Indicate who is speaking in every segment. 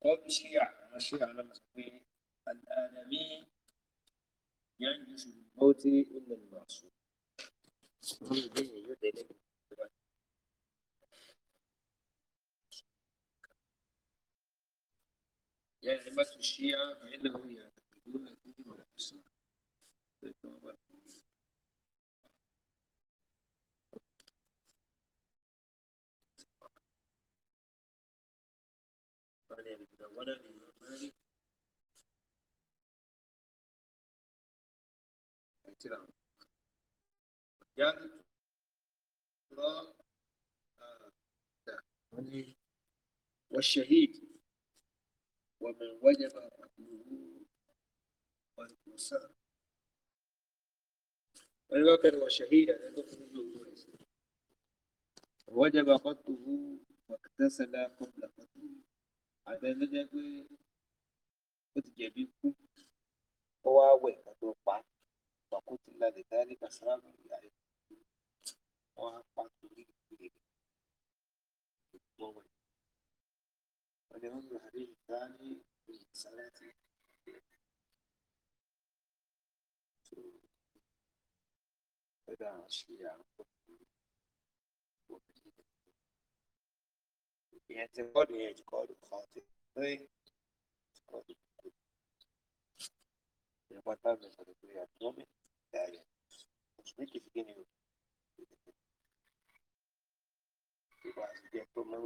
Speaker 1: وبشيع وشيع على المسلمين الآدمي ينجس بالموت إلا المعصوم يعني مات الشيعة فإنهم يعتقدون الدين والإسلام والشهيد ومن وجب قتله والمسلم أبي بكر وشهيد وجب قتله واغتسل قبل قتله àbẹ̀lẹ́dẹ́ pé ó ti jẹ̀bi kú ó wá wẹ̀ ká tó pa pàkó ti lálẹ́ dání kàṣáàbù ìyá rẹ̀ wọ́n á pa torí ìpínlẹ̀ rẹ̀ gbọ́ wẹ̀. wọ́n lè rọ́ọ̀mù àrí ìdá ní ìsáré àti ó dà ṣe àwọn. ìyẹn ti kọ́ọ̀dù yẹn ju kọ́ọ̀dù kan ti pé kọ́ọ̀dù kò ní pátá mi sọ̀rọ̀ pé àdúgbò ìdáyà òṣùwé kìí kí ni o ìwà àtijọ́ tó máa ń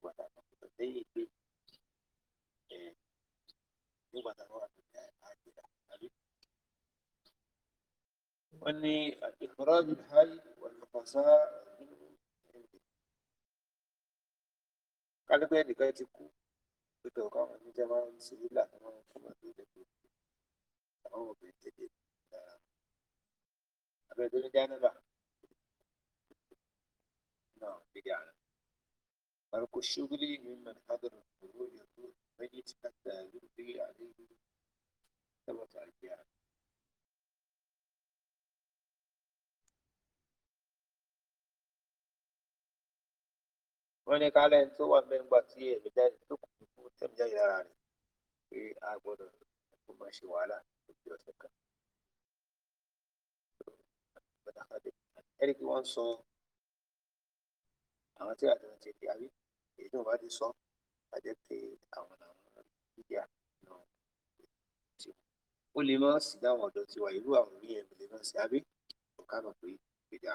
Speaker 1: gbà tàbí àti ìgbà tàbí àti lẹ́yìn pé nígbà tàbí àti àjẹrà tàbí. wọ́n ní ìfọ̀rọ̀ ìhàlì wọ̀lọ́kọ̀ọ́sá. gaji ku ku dauka wani jama'an su yi la'amma kuma bi da ku amma ba bai take da abin da gane ba na bid'a ترك الشغل ممن حضر الخروج يدور الميت حتى يمضي عليه ثلاث أيام wọ́n ní kálẹ̀ tó wà mẹ́rin gbà tí ẹ̀mí jáde tó kù fún tẹ̀mí jáde lára rẹ̀ pé a gbọ́dọ̀ kó máa ṣe wàhálà lójú ọ̀sẹ̀ kan. ẹni pé wọ́n ń sọ àwọn tí àjọ ti di àbí èyí tí wọ́n bá ti sọ á jẹ́ pé àwọn làwọn ìyá náà ti wọ́n. ó lè má sí dáwọn ọ̀dọ́ tiwa ìlú àwọn orí lè má sí àbí ọ̀ká pé ìgbéjà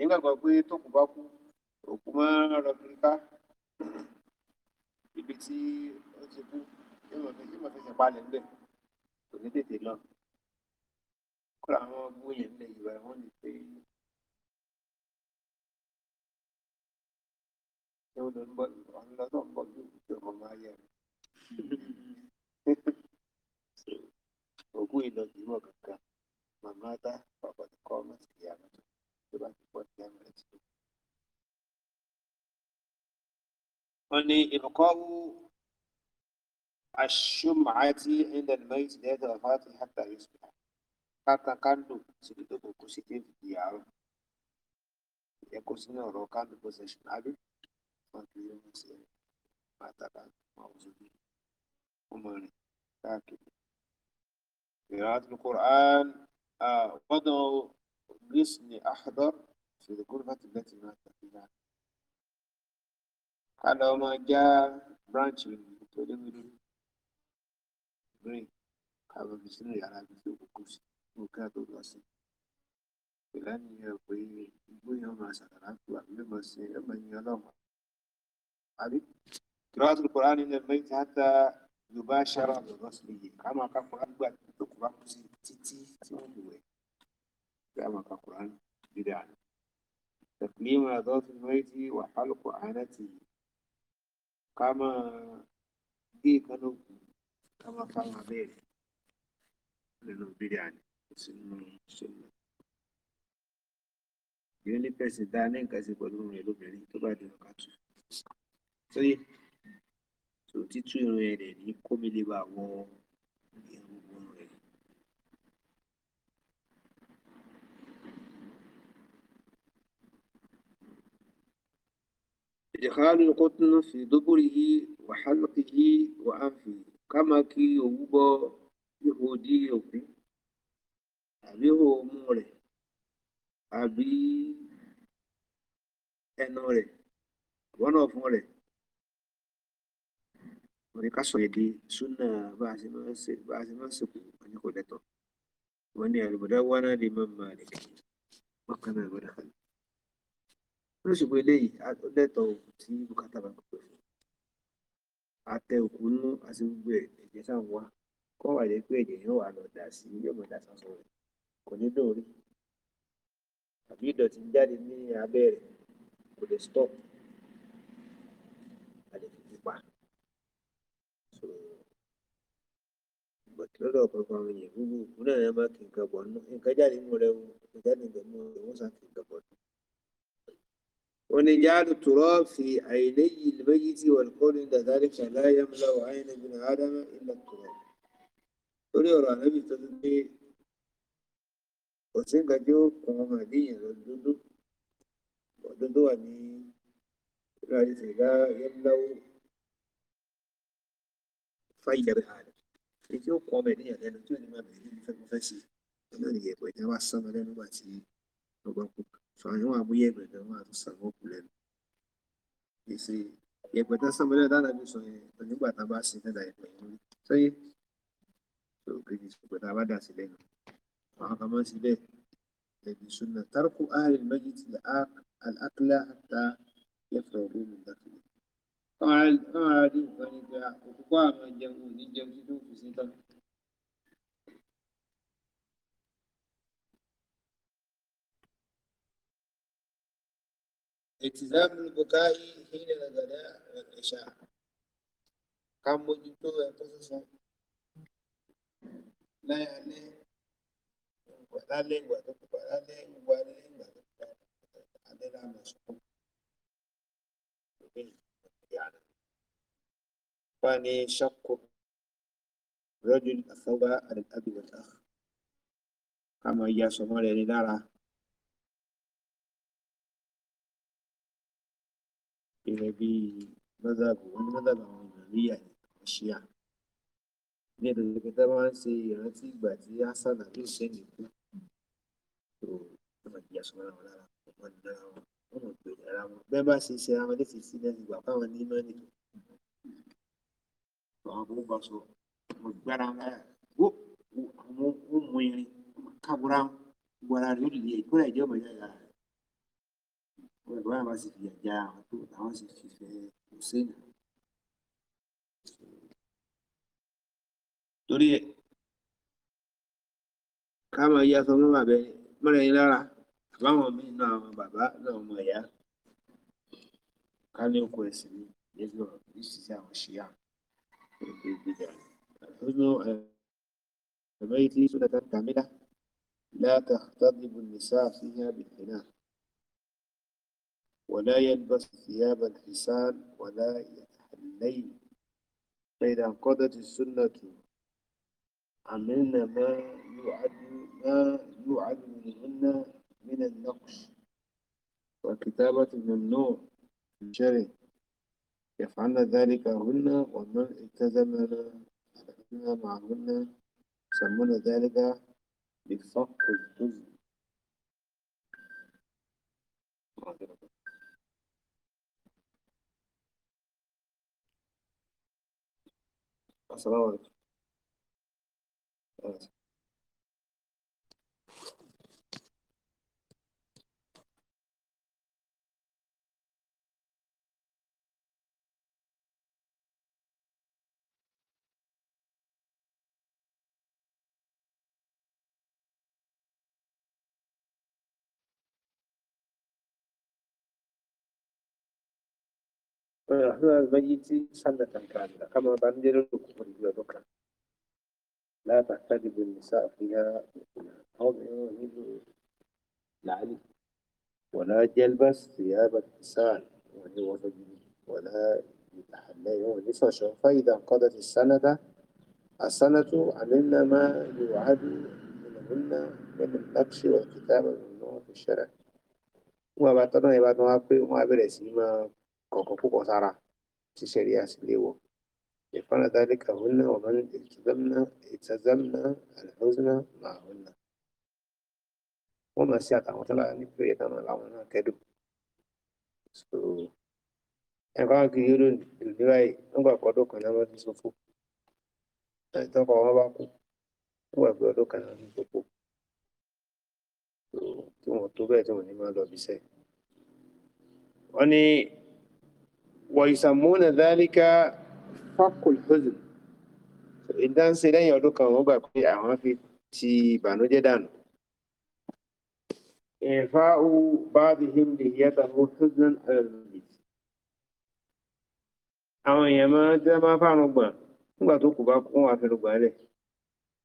Speaker 1: èyí gbàgbọ́ pé tó kù bá kú òkú mọ́ rọgiri ká ibi tí ó ti kú yóò mọ̀ fẹsẹ̀ palẹ̀ ńbẹ̀ kò ní tètè lọ kó làwọn gbóyè ńlẹ̀ ìwà wọn lè pé ṣé ó lọ ń bọ̀ ọ̀n lọ tó ń bọ̀ bí òkú ọmọ máa yẹ òkú ìlọsí mọ̀ kankan màmá dá pàpàtàkọ́ ọmọ sí ìyá náà. أني إبقاء الشمعة عند الميت ذات الوفاة حتى يصبح حتى كانوا سيدوك كسيتين في في ديار يكسين ورو كانوا بوزيشن أبي فانتو يومسي ماتبا موزوني أماني تاكي قراءة القرآن وضعوا آه غصني أحضر في الغرفة التي مات فيها هذا ما جاء branch green kàwé bìsínú yàrá ibi tó kúkú sí ní òkè àtò lọ sí ìlànà yẹn pé igbó yẹn máa ṣàkàrà tó àbí yóò máa ṣe ẹgbẹ yẹn ọlọmọ àbí kìláàtù kura ní ẹgbẹ yìí tààtà yorùbá ṣàrà lọrọ sí iye ká máa ká kura gbà tó kura kù sí títí tí wọn lù wẹ. كما كقرآن بدعة تقليم عضلات الميت وحلق عانته كما دي كانوا كما كما بيه لأنه بدعة سنة ìyẹn ní fẹsẹ̀ dá ní nǹkan ṣe pẹ̀lú irun ẹ̀ lóbìnrin tó bá di ọ̀ka tù. sọ́yẹ́ tó títú irun ẹ̀ rẹ̀ ní kómi lè bá wọ irun ìdíkàlù kọ́tùnú fi dóbòrì yìí wàhálùkì yìí wà á fi ká máa kí òwú bọ ihò dí òfin àbí ihò mú rẹ̀ àbí ẹnu rẹ̀ wọnà ọ̀fun rẹ̀ wọ́n ní ká sọ èdè súnà bá a ṣe máa ń ṣe bá a ṣe máa ń ṣe kù wọ́n ní kò lẹ́tọ̀ọ́ wọ́n ní àlùbọ̀dá wánà lè má máa lè kí wọ́n kàn náà gbọ́dọ̀ kàn olóṣèlú eléyìí lẹ́tọ̀ òkú tí bùkátà bá pẹ̀lú fún àtẹ òkú nú àti gbogbo ẹ̀ ẹ̀jẹ̀ sáà wá kọ́ wà lẹ́pẹ́ ẹ̀jẹ̀ yóò wà lọ dà sí yọ̀mọ̀ dà sọ́sọ́ rẹ̀ kò ní lóore àbí ìdọ̀tí jáde ní abẹ́ rẹ̀ kò lè stop a lè fi pupa bọ̀tí lọ́dọ̀ ọ̀pọ̀lọpọ̀ àwọn èèyàn gbogbo òkú náà ẹ̀ máa kì nǹkan bọ̀ nù nǹkan jáde mú rẹ o nǹkan jáde mú rẹ wọ́n ونجعل التراب في عيني الميت والقول عند ذلك لا يملا عين ابن ادم الا التراب torí ọ̀rọ̀ ànábì tó tún pé kò sí nǹkan tí ó kàn ọmọ ìdíyìn lọ dúdú ọdún tó wà ní ìlànà ìṣẹ̀dá yẹmúláwó fáyẹ̀rẹ̀ ààrẹ èyí tí ó kàn ọmọ ìdíyìn lẹ́nu tí ò ní máa bẹ̀rẹ̀ níbi fẹ́ fẹ́ sí i lórí ìyẹ̀pẹ̀ ìjà wa sánmọ lẹ́nu wà tí ọgbà kúkú. Ṣọ̀yún àmú yẹ̀pẹ̀ kan wà tó sàn wọ́n kù lẹ́nu. Èsì yẹ̀pẹ̀ tán sàn mọ́lẹ̀ dáadáa bí sọ yẹn tó nígbà tá a bá sin dáadáa yẹ̀pẹ̀ yẹn lórí. Sọ́yé tó kejì yẹ̀pẹ̀ tá a bá dà sí lẹ́nu. Àwọn kan máa ń ṣe التزام البكاء حين الغداء والعشاء ká mójútó ẹ̀kọ́ sísọ láyàlẹ́ ìgbà lálẹ́ ìgbà tó kúpa lálẹ́ ìgbà lálẹ́ ìgbà tó kúpa alẹ́ lánàá sọ́kọ́ ìgbà ìyára wà ní ṣọ́kù rọ́jò àfọ́gbá àdìgbà àbí wọ́tá ká máa ya sọmọ́ rẹ̀ ní lára. gẹ́gẹ́ bí mọ́dàbù wọn ní mọ́dàbù àwọn ìmọ̀lẹ́yà ní ṣíà ní ẹ̀dọ̀ ìpẹ́tẹ́ máa ń ṣe ìrántí ìgbà tí hasan àbí hussein kú tó wọ́n mọ̀ ìyá sọ́mọ́ra wọn lára wọn mọ̀ ní lára wọn wọ́n mọ̀ pé ara wọn bẹ́ẹ̀ bá ṣe ṣe ara wọn léṣe sí lẹ́yìn ìgbà káwọn ní mọ́ nìkan àwọn kò gbà sọ wọn gbára wọn lára àwọn ó mú irin kábúrá wọn gbọ́ra rí lè kúrò ìjọba yára rẹ̀ bàbá àwọn sì fìyà já àwọn tó àwọn sì fìfẹ́ hussein. torí ẹ ká máa yá sọ mọ́ bàbá ẹni mọ́ra ẹni lára àbáwọn míì náà àwọn bàbá náà ọmọ ìyá ká ní oko ẹ̀sìn ní ìlú ìṣiṣẹ́ àwọn ṣíyà èdè ìgbìjà lọ́nà ẹ̀rọ ìdí sódà tá a kà mí dá látàkùtà níbo nìṣá fíyà bìtẹ̀ náà. ولا يلبس ثياب الحسان ولا يتحلين فإذا انقضت السنة عملنا ما يوعد ما يعد منهن من النقش وكتابة الممنوع في الشرع يفعلن ذلك هن ومن التزمنا معهن يسمون ذلك بفق الجزء Selamun Aleyküm. Evet. سنة كاملة كما بندر الكفر يدك لا تحتجب النساء فيها موضع ولا يلبس ثياب التسال وهو رجل ولا يتحليه نفشا فإذا انقضت السنة السنة علمنا ما يوعد منهن من النقش والكتابة والنوع في الشرع وما يبعتنا في ما برسيما nǹkan púpọ̀ sára tí sẹ́ríà sì léwọ̀. يفعل ذلك هن ومن التزمنا التزمنا الحزن معهن wọ́n máa ṣe àtàwọn tó lára ní pé ẹ̀dá náà làwọn náà kẹ́dùn so ẹ̀kọ́ àgbẹ̀ yóò lò ní báyìí nígbà kan ọdún kan náà wọ́n ti ṣòfò ẹ̀tọ́kọ̀ wọn bá kú nígbà pé ọdún kan náà ti ṣòfò so tí wọ́n tó bẹ́ẹ̀ tí wọ́n ní lọ bí iṣẹ́ wọ́n ní ويسمون ذلك فك الحزن ìdán ṣe lẹ́yìn ọdún kan wọ́n gbà pé àwọn fi ti ìbànújẹ́ dànù ẹ̀fà ó bá bí hindi yẹta ó tuznan ẹ̀rọ̀lì àwọn èèyàn máa tẹ́ máa fárun gbọ̀n nígbà tó kù bá kún àfẹnugbọ̀n lẹ̀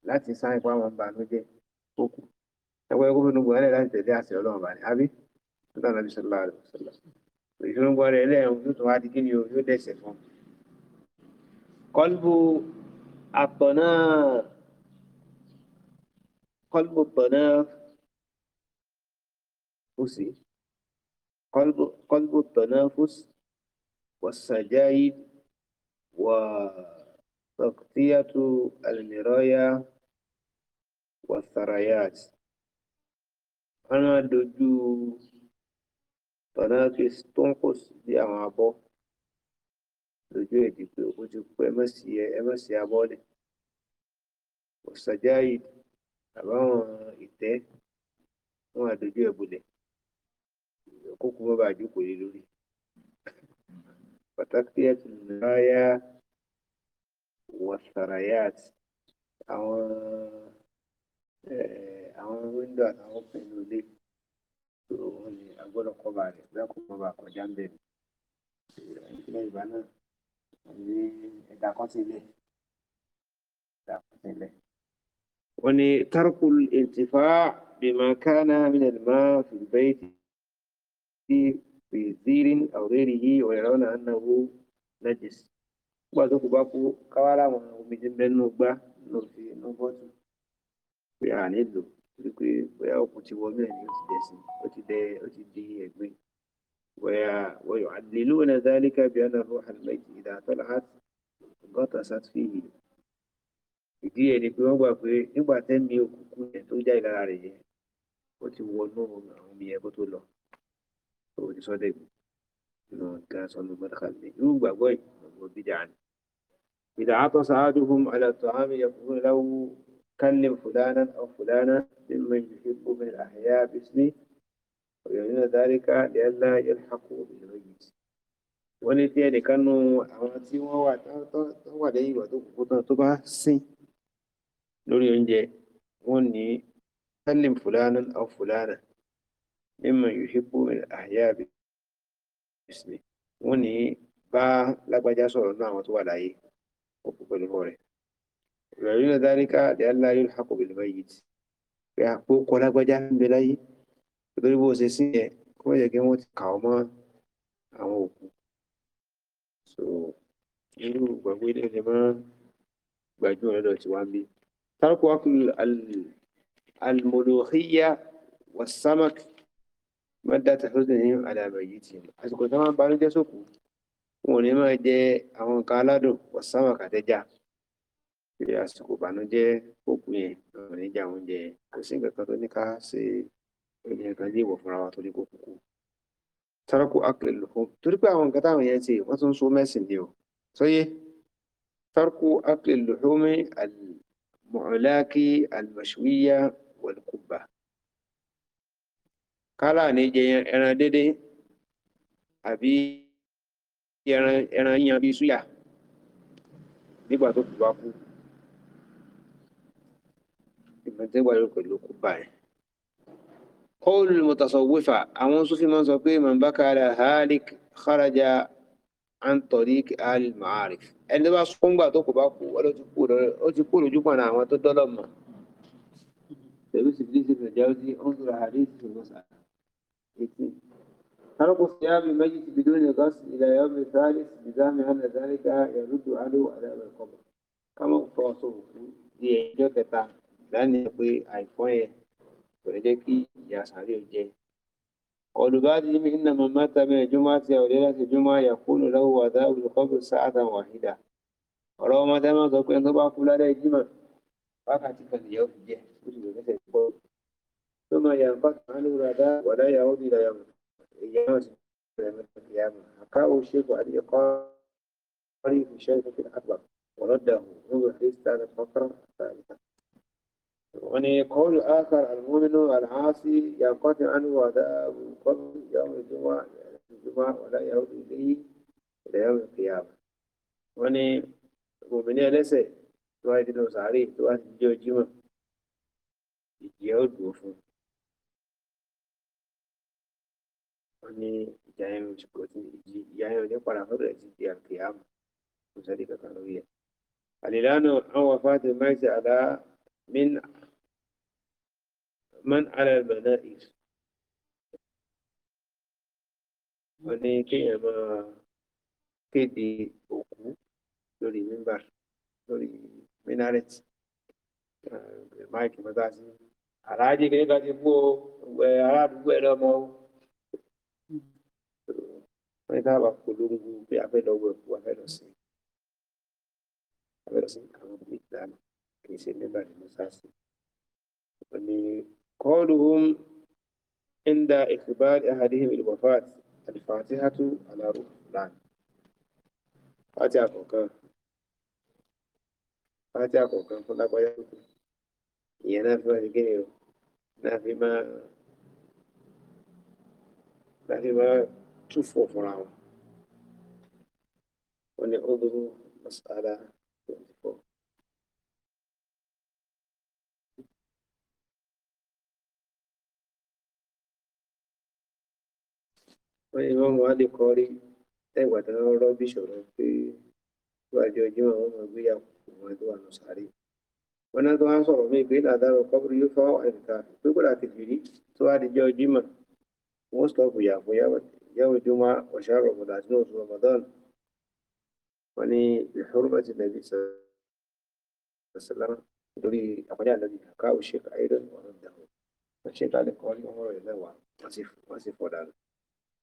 Speaker 1: láti wọn ìbànújẹ́ tó kù ẹgbẹ́ kó fẹnugbọ̀n lẹ̀ láti tẹ̀lé àṣẹ ọlọ́run bá ní àbí ìṣòro rẹ̀ lẹ́yìn ojú tó wá di kí ni o yóò dẹ̀sẹ̀ fún un. kọ́lbù àtọ̀ náà kọ́lbù tọ̀ náà ó sì kọ́lbù tọ̀ náà ó sì والسجايد وتغطية المرايا والثريات أنا دجو pendant que ton kosi di àwọn abọ́ lójú èdè pé ó ti kú ẹmẹ́sì ẹmẹ́sì abọ́ lẹ̀ ọ̀sàjá yìí àbáwọn ìtẹ́ wọn àdójú ẹ̀bùlẹ̀ kókó mọ́ bá jókòó lé lórí pàtàkì ẹ̀tù òun ni a gbọ́dọ̀ kọ́ba rẹ̀ bí a kò kọ́ba kọjá ń bẹ̀ ìpínlẹ̀ ìgbà náà ní ẹ̀dá kan ti lẹ̀ ẹ̀dá kan ti lẹ̀. wọ́n ní tarkul intifa bima kana min alma fi fi zirin aw ghairihi wa yarawna annahu najis. nígbà tó kù bá kú káwá láwọn omi ti bẹ́ẹ̀ nù gbá nù fi torí pé bóyá ọkùn ti wọnú ẹ̀ ní ó ti dẹ̀sìn ó ti dẹ ó ti di ẹ̀gbin bóyá wọ́yọ̀ àdìlú náà dálíkà bí ọ̀nà fún àlùmẹ́jì ìdá tọ́lá àti gọ́tà sátúfìhì ìdí ẹ̀ ni pé wọ́n gbà pé nígbà tẹ́mi òkùnkùn yẹn tó jáde lára rẹ̀ yẹn ó ti wọnú àwọn omi yẹn kó tó lọ tó ti sọ́dẹ̀ gbìn nínú nǹkan sọ́nù mọ́tàkàlẹ́ irú gbàgbọ́ yìí gbàgbọ́ bídà ni ìdá àtọ́sà àdúgbò àlàtọ̀ àmì yẹ كلم فلانا أو فلانا ممن يحب من الأحياء باسمي ويعلن ذلك لئلا يلحقوا بالميت ولتيني كانوا عواتي وواتي وواتي وواتي وواتي سي لوري عندي وني كلم فلانا أو فلانا ممن يحب من الأحياء باسمي وني با لا بجاسو لنا وتوالاي وكبر الهوري يعلنون ذلك لئلا يلحق بالميت يحقوا قولا قجا بلاي يضربوا سيسية كما يجمو تقاوما أمو so irú gbàgbé ilé ni máa gbajúmọ̀ lọ́dọ̀ tí wọ́n ń bí tarku akul almolohiya wasamak mọ́dá tàfíìsìnìyàn alàbẹ̀yìí ti àsìkò tó máa ń banújẹ́ sókù wọn ò ní máa jẹ àwọn nǹkan aládùn wasamak àtẹjà pé àsìkò ìbànújẹ́ òkú yẹn ọ̀rọ̀ níjà oúnjẹ kò sí nǹkan kan tó ní ká ṣe oúnjẹ kan lè wọ̀ fúnra wa torí kò kúkú taraku akil luhum torí pé àwọn nǹkan táwọn yẹn ṣe wọ́n tún so mẹ́sìn ni o sọyé taraku akil luhumi almu'laki almashwiya walkubba kálá ní jẹ ẹran dédé àbí ẹran yíyan bí súyà nígbà tó kù bá kú ìfẹ̀tẹ́gbàlú pẹ̀lú kúbà rẹ̀. kọ́ọ̀lù mọ̀tàsọ̀wífà àwọn sófin máa ń sọ pé mambakara halik kharaja antorik al-ma'arif ẹni tó bá súngbà tó kò bá kú ó ti kú lójú pọ̀nà àwọn tó dọ́lọ̀ mọ̀ pẹ̀lú sífìlísì ìfẹ̀jáwí ó ń sọ̀rọ̀ àdéhùn ìfẹ̀mọ́sà ترك صيام الميت بدون غسل إلى يوم الثالث بزعم أن ذلك يرد عليه عذاب القبر كما تواصلوا لإعجاب الثالث lánàá pé àìkọ́ ẹ kò ní jẹ́ kí ìyá sàárè jẹ. ọ̀dùbádì mi ń nàmọ́ mẹ́ta mẹ́rin júmọ́ àti àwòrán láti júmọ́ àyàkúnù lọ́wọ́ àdá olùkọ́bù sáàdà wàhídà ọ̀rọ̀ ọmọ tá máa sọ pé tó bá kú lálẹ́ jímọ̀ wákàtí kan nìyẹn òfin jẹ ó sì lòdì sẹ́yìn pọ̀ tó máa yà ń bá kàn án lóra dá wàdá ìyàwó bí ìlàyà èyí náà sì rẹ̀ mẹ́ta kìyàmù àká ó ṣe kò àdéhùkọ́ rí ìfìṣẹ́ ìfìṣẹ́ àgbà wọ̀lọ́dà òun ونقول آخر المؤمن العاصي ينقطع عنه عذاب القبر يوم الجمعة الجمعة ولا يعود إليه إلى يوم القيامة وني مؤمنين ليس تواجد لهم سعريه تواجد جو الجمعة يعود وفون وني جايم شكوتي جايم دي قرأ فضل أجيب القيامة وذلك كانوا هي الإعلان عن وفاة الميت على من من على البنائس wọ́n ní kéèyàn máa kéde òkú lórí mímbà lórí minaret máìkì mọ́tà sí aláàjì kìnìún kan ti kú o aráàdúgbò ẹ̀ lọ́mọ o wọ́n ní káàbà polongo pé abẹ́lọ́wọ́ ẹ̀kú abẹ́lọ́sìn abẹ́lọ́sìn àwọn ìlànà kì í ṣe mímbà ní mọ́tà sí wọ́n ní. قولهم عند إخبار أهلهم الوفاة الفاتحة على روح فلان فاتحة كوكان فاتحة كوكان فلا قيام هي نافلة الجنيو نافلة ما نافلة ما تشوفوا فراهم ونعوده مسألة wọ́n ní wọ́n máa lè kọ́ rí tẹ́gbà tí wọ́n rọ́bì sọ̀rọ̀ pé wájú ọjọ́ àwọn ọmọ ìgbéyàwó wọn tó wà lọ́sàárì wọn náà tó wá ń sọ̀rọ̀ mí pé làdáró kọ́bùrú yóò fọ́ ẹ̀ka pé kó dà kìfìrí tó wá di jẹ́ ojú mọ̀ wọ́n sọ̀bù yàgò yàwó ìjọba ọ̀ṣà rọ̀mọ̀dà sínú oṣù rọ̀mọ̀dán wọn ni ìfọ̀rọ̀mọ̀tì nàbí sọ̀rọ̀ lórí àpájà nàbí kàkà òṣèkà ayélujára ọ̀rọ̀ ìdáwó ọ̀ṣèkà lè kọ́ ọmọ rẹ̀ lẹ́wàá wọ́n